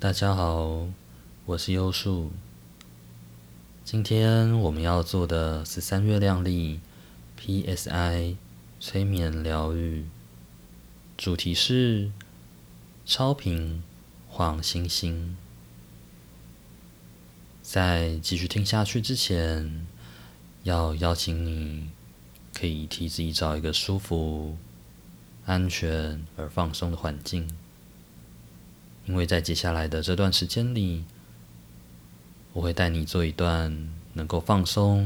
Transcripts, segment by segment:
大家好，我是幽樹。今天我們要做的是三月靚麗 PSI 催眠療癒，主題是超頻黃星星。在繼續聽下去之前，要邀請你可以替自己找一個舒服、安全而放鬆的環境。因為在接下來的這段時間裡，我會帶你做一段能夠放鬆、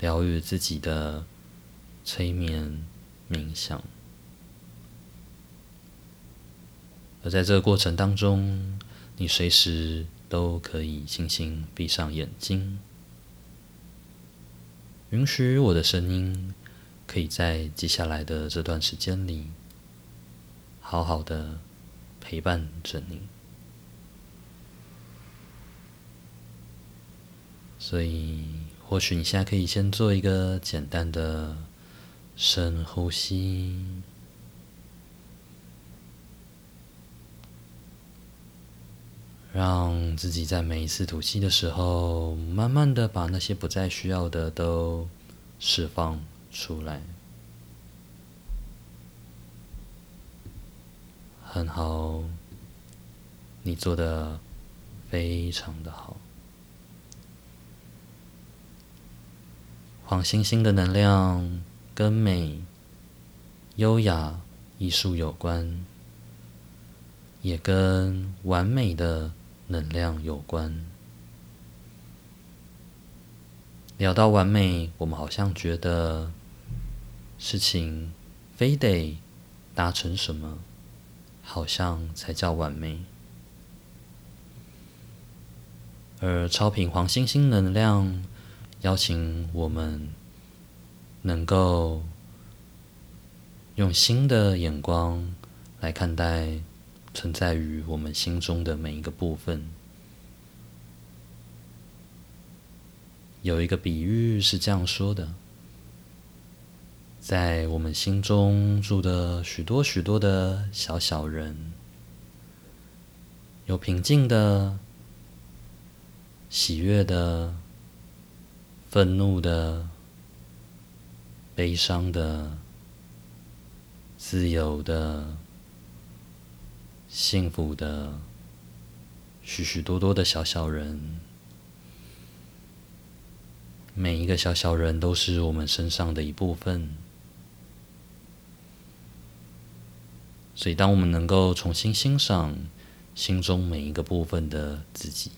療癒自己的催眠冥想。而在這個過程當中，你隨時都可以輕輕閉上眼睛，允許我的聲音可以在接下來的這段時間裡好好的。陪伴着你，所以或許你現在可以先做一個簡單的深呼吸，讓自己在每一次吐氣的時候，慢慢的把那些不再需要的都釋放出來。很好，你做得非常的好。黃星星的能量跟美、優雅、藝術有關，也跟完美的能量有關。聊到完美，我們好像覺得事情非得達成什麼。好像才叫完美。而超頻黃星星能量邀請我們，能夠用新的眼光來看待存在於我們心中的每一個部分。有一個比喻是這樣說的。在我們心中住的許多許多的小小人，有平靜的、喜悅的、憤怒的、悲傷的、自由的、幸福的，許許多多的小小人。每一個小小人都是我們身上的一部分。所以，當我們能夠重新欣賞心中每一個部分的自己，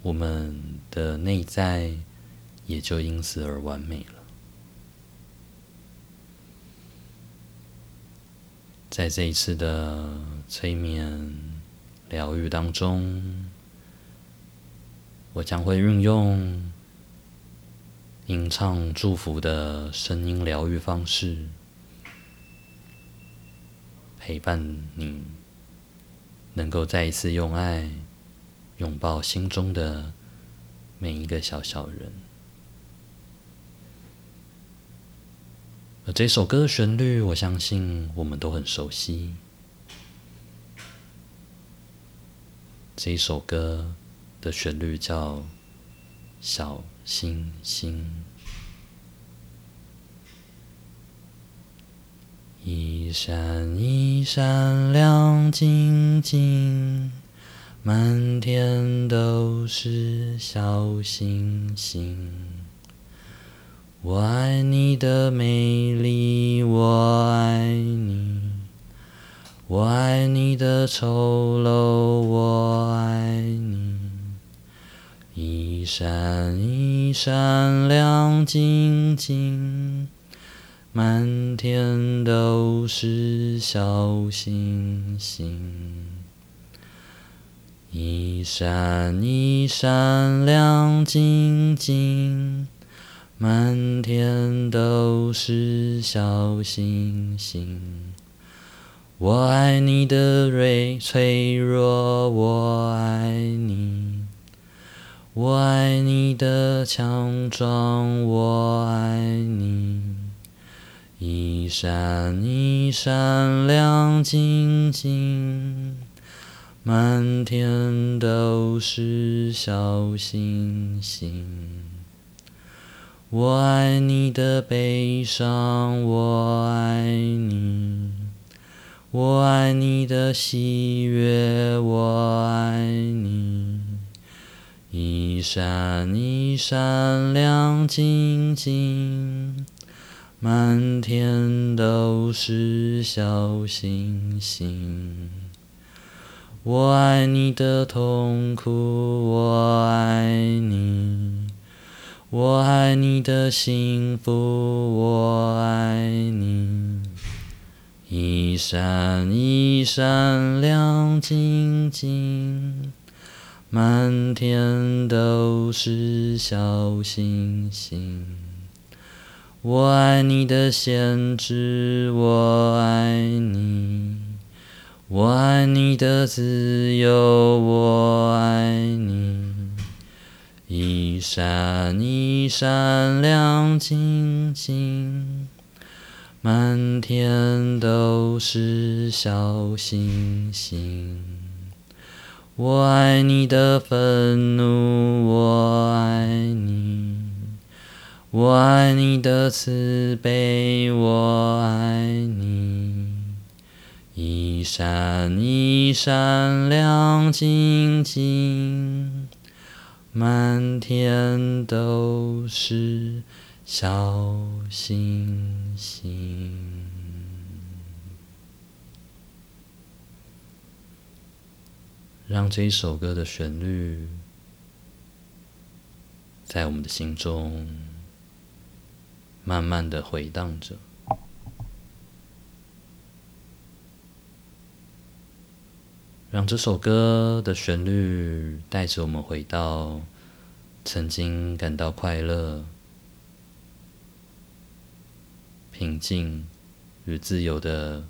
我們的內在也就因此而完美了。在這一次的催眠療癒當中，我將會運用吟唱祝福的聲音療癒方式。陪伴你，能夠再一次用愛擁抱心中的每一個小小人。而這首歌的旋律，我相信我們都很熟悉。這首歌的旋律叫《小星星》。一閃一閃亮晶晶，滿天都是小星星。我愛你的美麗，我愛你，我愛你的醜陋，我愛你。一閃一閃亮晶晶。滿天都是小星星，一閃一閃亮晶晶。滿天都是小星星，我愛你的銳脆弱，我愛你，我愛你的強壯，我愛你。一閃一閃亮晶晶，滿天都是小星星。我愛你的悲傷，我愛你。我愛你的喜悅，我愛你。一閃一閃亮晶晶。滿天都是小星星，我愛你的痛苦，我愛你，我愛你的幸福，我愛你。一閃一閃亮晶晶，滿天都是小星星。我愛你的限制，我愛你，我愛你的自由，我愛你。一閃一閃亮晶晶，滿天都是小星星。我愛你的憤怒，我愛你。我愛你的慈悲，我愛你，一閃一閃亮晶晶，滿天都是小星星。讓這首歌的旋律在我們的心中。慢慢的回盪着，讓這首歌的旋律帶着我們回到曾經感到快樂、平靜與自由的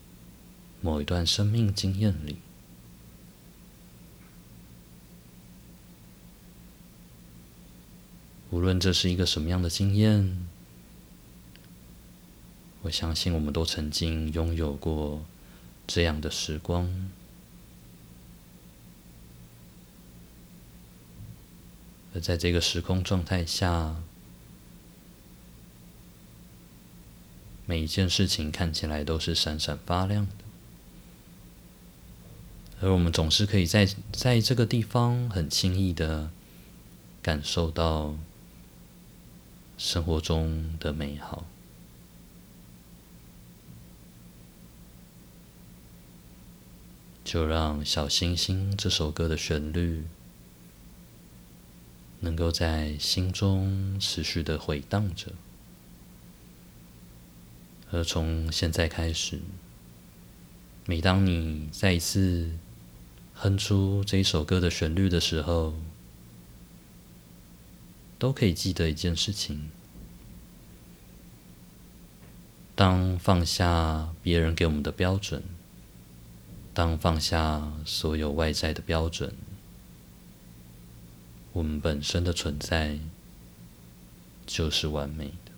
某一段生命經驗裡。無論這是一個什麼樣的經驗。我相信我們都曾經擁有過這樣的時光，而在這個時空狀態下，每一件事情看起來都是閃閃發亮的，而我們總是可以在在這個地方很輕易的感受到生活中的美好。就讓《小星星》這首歌的旋律能夠在心中持續的回盪着，而從現在開始，每當你再一次哼出這首歌的旋律的時候，都可以記得一件事情：當放下別人給我們的標準。當放下所有外在的標準，我們本身的存在就是完美的。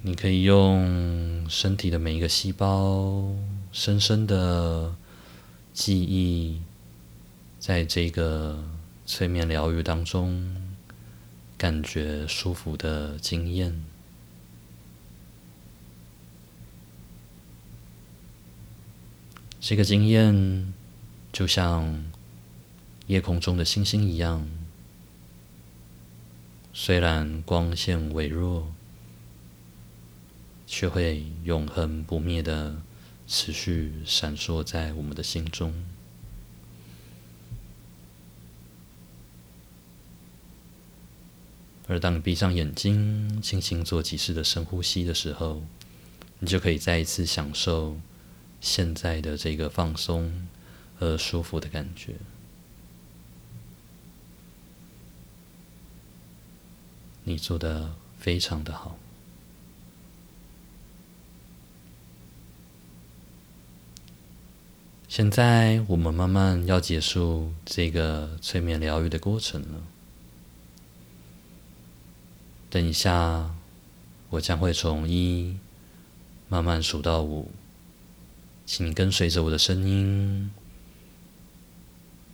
你可以用身體的每一個細胞，深深的記憶，在這個催眠療癒當中，感覺舒服的經驗，這個經驗就像夜空中的星星一樣，雖然光線微弱，卻會永恆不滅的持續閃爍在我們的心中。而當你閉上眼睛，輕輕做幾次的深呼吸的時候，你就可以再一次享受現在的這個放鬆和舒服的感覺。你做的非常的好。現在我們慢慢要結束這個催眠療癒的過程了。等一下，我將會從一慢慢數到五，請跟隨着我的聲音，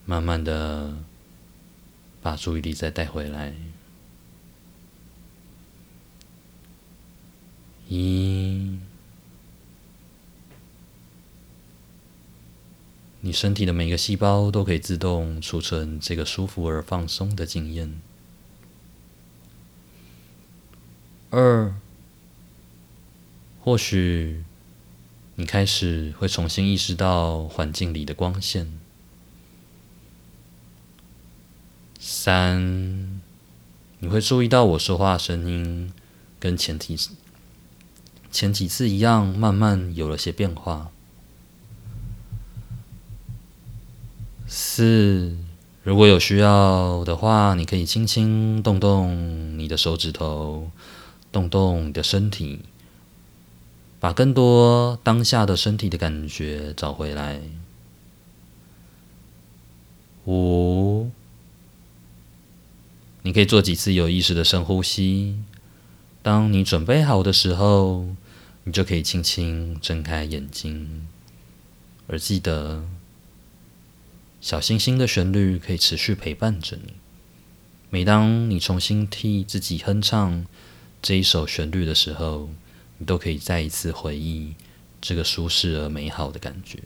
慢慢的把注意力再帶回來。一，你身體的每個細胞都可以自動儲存這個舒服而放鬆的經驗。二，或許你開始會重新意識到環境裡的光線。三，你會注意到我說話聲音跟前幾，前幾次一樣，慢慢有了些變化。四，如果有需要的話，你可以輕輕動動你的手指頭。動動你的身體，把更多當下的身體的感覺找回來。五、哦，你可以做幾次有意識的深呼吸。當你準備好的時候，你就可以輕輕睜開眼睛，而記得小星星的旋律可以持續陪伴着你。每當你重新替自己哼唱。這一首旋律的時候，你都可以再一次回憶這個舒適而美好的感覺。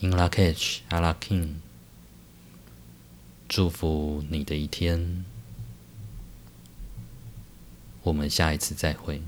In Lak'ech, A La K'in，祝福你的一天。我們下一次再會。